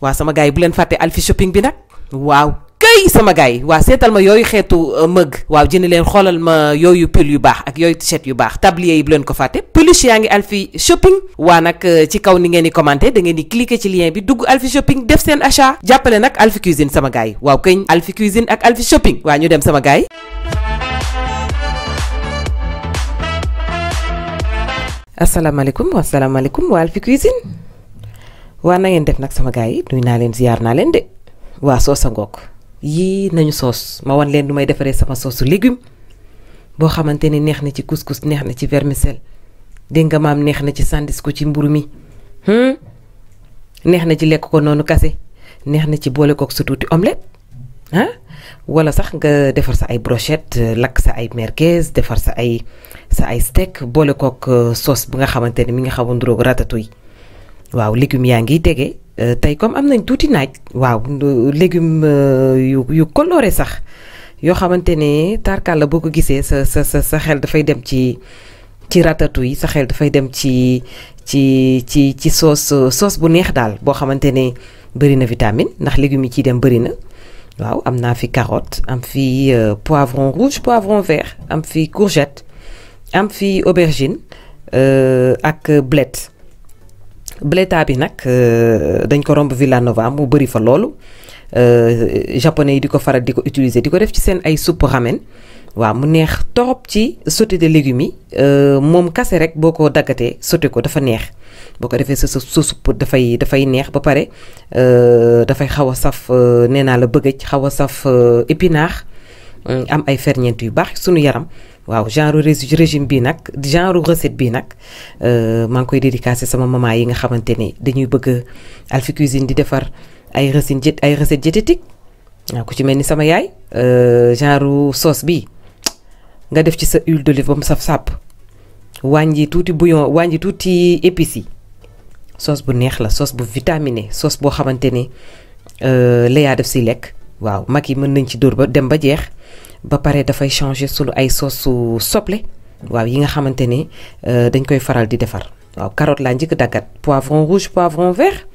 waa sama gars yi bu leen fàtte Alphie shopping bi nag waaw këy sama gaay yi waa seetal ma yooyu xeetu euh, mëgg waaw jënd leen xoolal ma yooyu pull yu baax ak yooyu t yu baax tablier yi bu leen ko fàtte peluche yaa ngi alfi shopping waa nag euh, ci kaw ni ngeen di commenter da ngeen di cliquer ci lien bi dugg Alphie shopping def seen achat jàppale nag Alphie cuisine sama gars waaw këñ Alphie cuisine ak alfi shopping waa ñu dem sama gars yi asalaamaaleykum wasalaamaaleykum waa waa na ngeen def nag sama gars yi nuyu naa leen ziar naa leen de waa soos a ngoog yii nañu soos ma wan leen du may defaree sama soosu légume boo xamante ni neex na ci couscous neex na ci vermicelle dégg nga maam neex na ci sandis ko ci mburu mi hmm? neex na ci lekk ko noonu kase neex na ci boole kook sa tuuti omelette ah wala sax nga defar sa ay brochette lakk sa ay merguez defar sa ay sa ay steak boole kook euh, soos bu nga xamante ni mi nga xaw a nduróog ratatouille waaw légumes yaa ngi tege euh, tey comme am nañ tuuti naaj waaw légumes euh, yu yu coloré sax yoo xamante ne tarkal la boo ko gisee sa sa sa xel dafay dem ci ci ratatouille sa xel dafay dem ci ci ci ci sauce sauce bu neex daal boo xamante ne bëri na vitamine ndax légumes yi ciy dem bëri na waaw am naa fi carotte am fi euh, poivron rouge poivron vert am fi courgette am fi aubergine ak blette Bleta bi nag euh, dañ ko romb Villanova mu bëri fa loolu euh, japonais yi di ko faral di ko utiliser di ko def ci seen ay soupe ramen waaw mu neex torop ci sauté de légumes yi euh, moom kase rek boo ko daggatee sauté ko dafa neex boo ko defee sa sa soupe dafay dafay neex ba pare dafay xaw a saf nee naa la bëggëj xaw a saf épinard Euh, am ay ferñeent yu baax sunu yaram waaw genre régime bii nag genre recette bii nag euh, maa ngi koy dédicacé sama maman yi nga xamante ne dañuy bëgg Alphie Cuisine di defar ay recettes ay recettes diététiques waaw ku ci mel ni sama yaay euh, genre sauce bi nga def ci sa huile d'olive ba mu saf sàpp wàññi tuuti bouillon wàññi tuuti épices yi sauce bu neex la sauce bu vitaminé sauce boo xamante ne la yaa def si lekk waaw mag yi mën nañ ci dóor ba dem ba jeex ba pare dafay changer sunu ay soosu soble waaw yi nga xamante ni euh, dañ koy faral di defar waaw carotte laa njëkk daggat poivron rouge poivron vert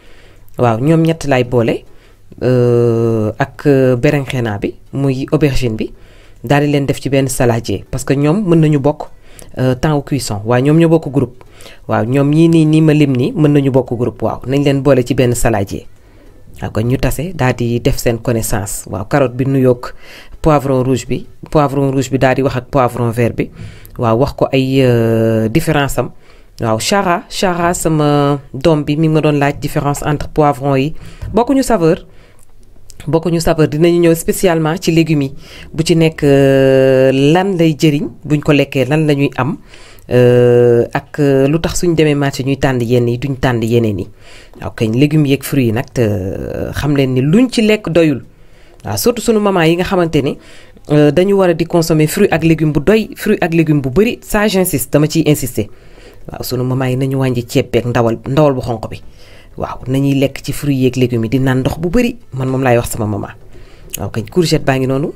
waaw ñoom ñetti laay boole euh, ak euh, berenxena bi muy aubergine bi daal di leen def ci benn saladier parce que ñoom mën nañu bokk temps cuisson waaw ñoom ñoo bokk groupe waaw ñoom ñii nii nii ma lim nii mën nañu bokk group waaw nañ leen boole ci benn saladier waaw kon ñu tase daal di def seen connaissance waaw carotte bi nuyook poivron rouge bi poivron rouge bi daal di wax ak poivron vert bi waaw wax ko ay euh, différence am waaw Chara Chara sama doom bi mi ngi ma doon laaj différence entre poivron yi bokkuñu saveur bokkuñu saveur dinañu ñëw spécialement ci légumes yi bu ci nekk euh, lan lay jëriñ buñ ko lekkee lan la ñuy am. Euh, ak euh, lu tax suñ demee marché ñuy tànd yenn yi duñ tànd yeneen yi waaw kañ légumes yeeg fruits yi nag te euh, xam leen ni luñ ci lekk doyul waaw surtout sunu maman yi nga xamante ni dañu war a di consommer fruits ak légumes bu doy fruits ak légume bu bëri ça j'insiste dama ciy insister waaw sunu maman yi nañu wàññi ceeb beeg ndawal ndawal bu xonq bi waaw nañuy lekk ci fruits yeeg légumes yi di naan ndox bu bëri man moom laay wax sama maman. waaw kañ courgette baa ngi noonu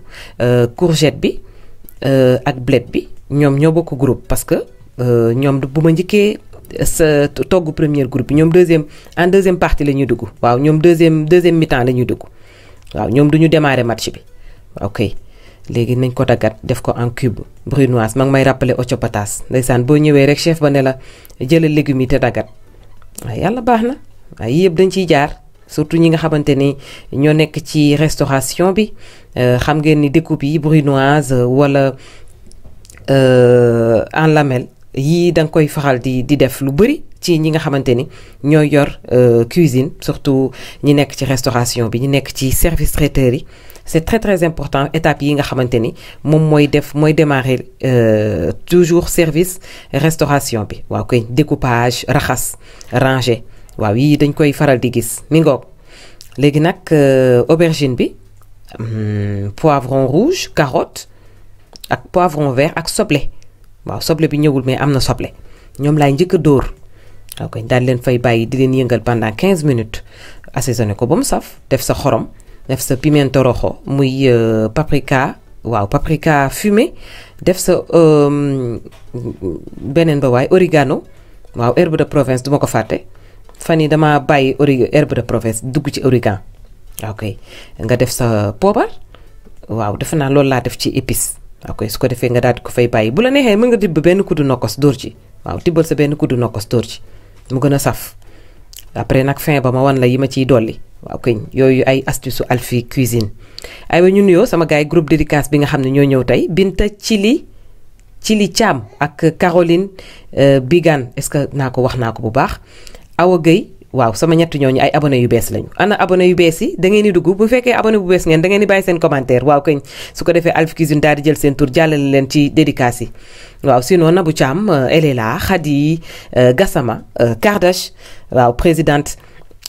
courgette bi ak blette bi ñoom ñoo bokk groupe parce Euh, ñoom bu ma njëkkee sa togg première groupe bi ñoom deuxième en deuxième partie la ñuy dugg waaw ñoom deuxième deuxième mi la ñuy dugg waaw ñoom du ñu démarrer match bi ok léegi nañ ko daggat def ko en cube brunoise ma ngi may rappeler ociopatas ndeysaan boo ñëwee rek chef ba ne la jëlal légumes yi te daggat waaye yàlla baax na waaye yëpp dañ ciy jaar surtout ñi nga xamante ni ñoo nekk ci restauration bi euh, xam ngeen ni découpe yi brunoise euh, wala en lamelle yii da nga koy faral di di def lu bëri ci ñi nga xamante ni ñooy yor euh, cuisine surtout ñi nekk ci restauration bi ñi nekk ci service traiteur yi c'est très très important étape yi nga xamante ni moom mooy def mooy démarrer euh, toujours service restauration bi waaw koy découpage raxas rangé waaw yii dañ koy faral di gis mi ngoog léegi nag euh, aubergine bi hmm, poivron rouge carotte ak poivron vert ak soble waaw soble bi ñëwul mais am na soble ñoom laay njëkk a dóor waaw koy daal leen fay bàyyi di leen yëngal pendant 15 minutes assaisonné ko ba mu saf def sa xorom def sa pimento rojo muy euh, paprika waaw paprika fume def sa euh, beneen ba waay origano waaw herbe de province duma ko fàtte fan yi dama bàyyi ori herbe de province dugg ci origan waaw kay nga def sa poobar waaw defe naa laa def ci épice waaw koy su ko defee nga daal di ko fay bàyyi bu la neexee mën nga tibb benn kuddu nokkos dóor ci waaw tibbal sa benn kuddu nokkos dóor ci mu gën a saf après nag fin ba ma wan la yi ma ciy dolli waaw koñ yooyu ay astuce su Alphie Cuisine ay wa ñu nuyoo sama gaay yi groupe dédicace bi nga xam ne ñoo ñëw tey Binta Cili Cili Thiam ak Caroline euh, Bigane est-ce que naa ko wax naa ko bu baax Awa Gueye waaw sama ñetti ñooñu ay abonné yu bees lañu ana abonné yu bees yi da ngeen di dugg bu fekkee abonné bu bees ngeen da ngeen di bàyyi seen commentaire waaw kañ su ko defee Alphie Cuisine daal di jël seen tur jàllale leen ci dédicace yi waaw sinon Nabou Thiam euh, elle est là Khady euh, Gassama euh, Kardash waaw présidente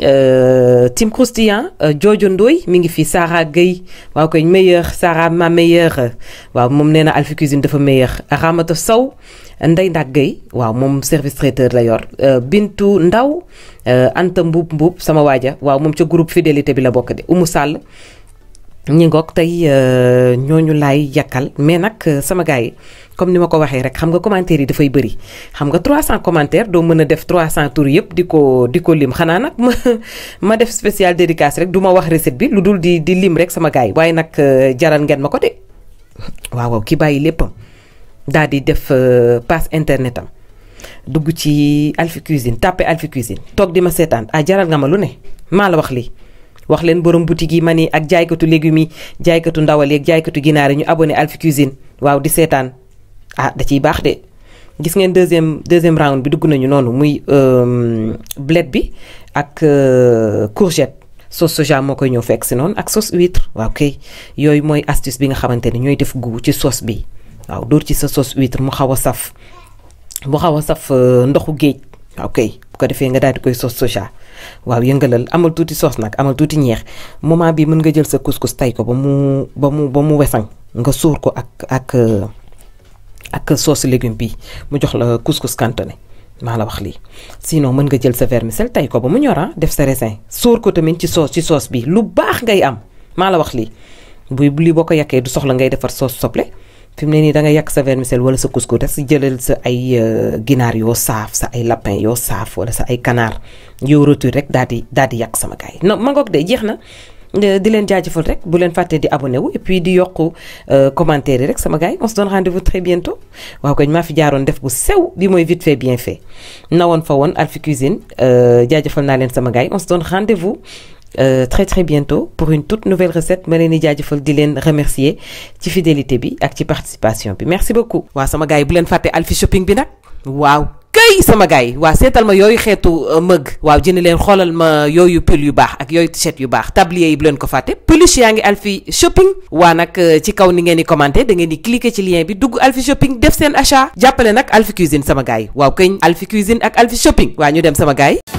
Euh, Tim Christian euh, Jojo Ndoy mi ngi fi Sarah Gueye waaw koy meilleur Sarah ma meilleur waaw moom nee na Alphie dafa meilleur Ramata Sow Ndey Ndak Gueye waaw moom service traiteur la yor euh, Bintu Ndaw Anta Mbuub Mbuub sama waaja waaw moom ca groupe fidélité bi la bokk de Oumou Sall ñi ngoog tey euh, ñooñu laay yàkkal mais nag euh, sama gaay yi comme ni ma ko waxee rek xam nga commentaire yi dafay bëri xam nga 300 commentaires doo mën a def 300 tours yëpp di ko di ko lim xanaa nag ma ma def spécial dédicace rek du ma wax recette bi lu dul di di lim rek sama gars yi waaye nag euh, jaral ngeen ma ko de waaw waaw ki bàyyi léppam daal di def passe internet am dugg ci Alphie Cuisine tàppe Alphie Cuisine toog di ma seetaan ah jaral nga ma lu ne maa la wax lii. wax leen borom boutique yi ma ni ak jaaykatu légumes yi jaaykatu ndawal yeeg jaaykatu ginaar yi ñu abone Alphie Cuisine waaw di seetaan ah da ciy baax de. gis ngeen deuxième deuxième round bi dugg nañu noonu muy euh, bled bi ak euh, courgette sauce soja moo koy ñëw fekk si noonu ak sauce huître waaw kay yooyu mooy astuce bi nga xamante ni ñooy def gu ci sauce bi waaw dóor ci sa sauce huître mu xaw a saf mu xaw a saf euh, ndoxu géej. waaw kay bu ko defee nga daal di koy soos soja waaw yëngalal amal tuuti soos nag amal tuuti ñeex moment bi mën nga jël sa couscous tay ko ba mu ba mu ba mu wesaŋ nga suur ko ak ak euh, ak sauce légume bi mu jox la couscous cantonné maa la wax lii noo mën nga jël sa vermicelle tay ko ba mu ñor ah, def sa resin soor ko tamit ci sauce ci soos bi lu baax ngay am maa la wax lii buy lii boo ko yàkkee du soxla ngay defar soos soble. fi ne nii da nga yàq sa vermicelle wala sa couscous rek jëlal sa ay euh, ginaar yoo saaf sa ay lapin yoo saaf wala sa ay kanaar yoo retour rek daal di daal di yàq sama gars yi non ma de jeex na euh, di leen jaajëfal rek bu leen fàttee di abonné wu et puis di yokku euh, commentaire rek sama gaay yi on se donne rendez-vous très bientôt maa fi jaaroon def bu sew bi mooy vite fait bien fait na fa woon Alphie Cuisine jaajëfal naa leen sama gars on se donne rendez-vous Euh, très très bientôt pour une toute nouvelle recette ma leen di jaajëfal di leen remercier ci fidélité bi ak ci participation bi merci beaucoup. waa sama gars bu leen fàtte alfi shopping bi nag waaw kay sama gaay yi waaw seetal ma yooyu xeetu euh, mëg waaw jënd leen xoolal ma yooyu pull yu baax ak yooyu t yu baax tablier yi bu leen ko fàtte peluche yaa ngi Alphie shopping. waa nag euh, ci kaw ni ngeen di commenter da ngeen di cliquer ci lien bi dugg Alphie shopping def seen achat jàppale nag Alphie cuisine sama gars yi waaw këñ Alphie cuisine ak Alphie shopping waa ñu dem sama gaay